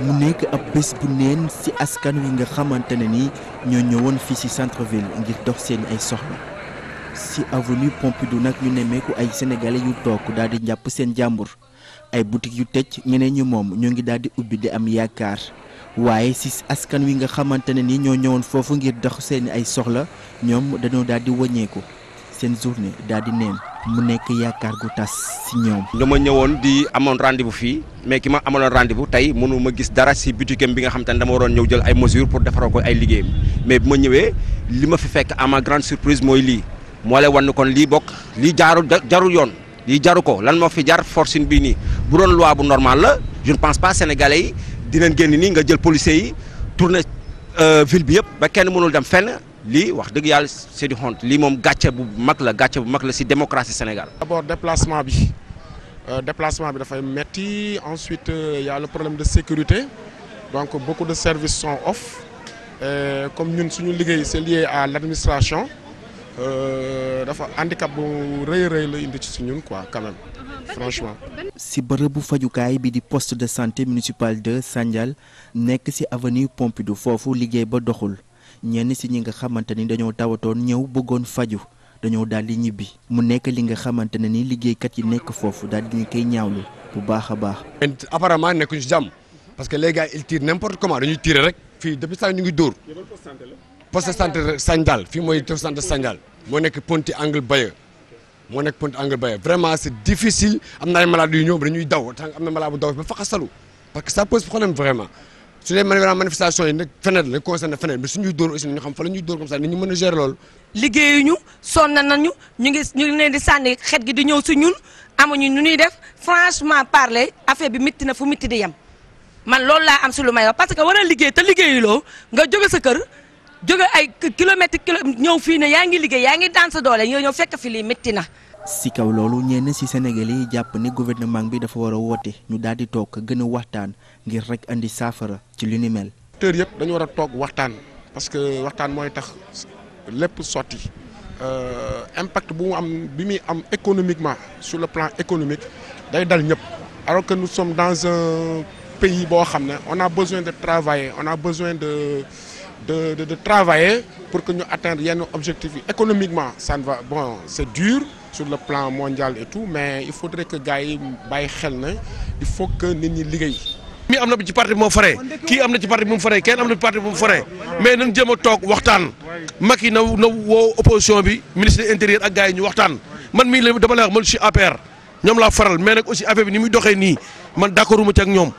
mu nekk ab bés bu neen ci askan wi nga xamante ne ni ñoo ñëwoon fii ci centre ville ngir dox seen ay soxla ci avenue Pompidou nag ñu nemmeeku ay sénégalais yu toog daal di njàpp seen jàmbur ay boutique yu tëj ñeneen ñi moom ñoo ngi daal di ubbi di am yaakaar waaye ci askan wi nga xamante ne ni ñoo ñëwoon foofu ngir dox seen ay soxla ñoom dañoo daal di wàññeeku seen journée daal di neen. mu nekk yaakaar gu tas si ñoom. dama ñëwoon di amoon rendez-vous fii mais ki ma amaloon rendez-vous tey mënu ma gis dara si bitigam bi nga xam te ne dama waroon ñëw jël ay mesures pour defaral ko ay liggéeyam mais bi ma ñëwee li ma fi fekk à ma grande surprise mooy lii moo lay wan kon lii bokk lii jaarul jarul yoon lii jaru ko lan moo fi jar forcing bi nii bu doon loi bu normal la je pense pas sénégalais yi dinañ génn nii nga jël policiers yi tourner. Euh, ville bi yëpp ba kenn mënul dem fenn lii wax dëgg yàlla c'est du honte lii moom gàcce bu mag la gàcce bu mag la ci démocratie Sénégal. d'abord déplacement bi euh, déplacement bi dafay metti ensuite il euh, y problème de sécurité donc beaucoup de services son off et comme ñun suñu liggéey c'est lié à l'administration. Euh, dafa handicap bu rëy rëy la indi ci ñun quoi quand même franchement. si bërëbu fajukaay bi di poste de santé municipal de Sandial nekk si avenue Pompidou foofu liggéey ba doxul ñenn si ñi nga xamante ni dañoo tawatoon ñëw bëggoon faju dañoo daal di ñibbi mu nekk li nga xamante ne ni liggéeykat yi nekk foofu daal di ñu koy ñaawlu bu baax a baax. apparemment nekkuñu si jàmm parce que les gars ils tirent n'importe comment dañuy tirer rek. fii depuis saa ñu ngi dóor. poste santé Sandial fii mooy poste santé Sandial. moo nekk Ponty angle Bayeux moo nekk Ponty angle Bayeux vraiment c' est difficile am na ay malades yu ñëw ba dañuy daw tant am na malade bu daw ba faxasalu parce que ça pose problème yi nag feneen la concerné feneen mais suñuy dóor aussi ñu xam fa la ñuy dóor comme ça nit ñu mën nañu ñu ngi ñu ngi leen di sànni xet gi di ñëw si ñun amuñu ñu ñuy def franchement parler affaire bi métti na fu métti di yem man loolu laa am si lu may wax parce que war a liggéey te liggéeyuloo nga jóge sa kër. jóge ay kilomètre kilo ñëw fii ne yaa ngi liggéey yaa ngi daan sa doole ñoo ñëw fekk fi lii métti na. si kaw loolu ñenn si Sénégalais yi jàpp ni gouvernement bi dafa war a woote ñu daal di toog gën a waxtaan ngir rek indi saafara ci li ni mel. acteurs yëpp dañu war a toog waxtaan parce que waxtaan mooy tax lépp sotti euh, impact bu mu am bi muy am économiquement su le plan économique day dal ñëpp alors que nous sommes dans un pays boo xam ne on a besoin de travailler on a de. de, de, de travailler pour que nous atteignions nos objectifs. Économiquement, ça ne va, bon, c'est dur sur le plan mondial et tout, mais il faudrait que les gars il faut que nous liggéey mi am na ci parti bu mu faree kii am na ci parti bu mu faree kenn am na ci parti bu mu faree mais nañ jéem a toog waxtaan Macky na na woo opposition bi ministre de l'intérieur ak gars yi ñu waxtaan man mii la dama lay wax man je suis ñoom laa faral mais nag aussi affaire bi ni muy doxee nii man d'accorduma ci ak ñoom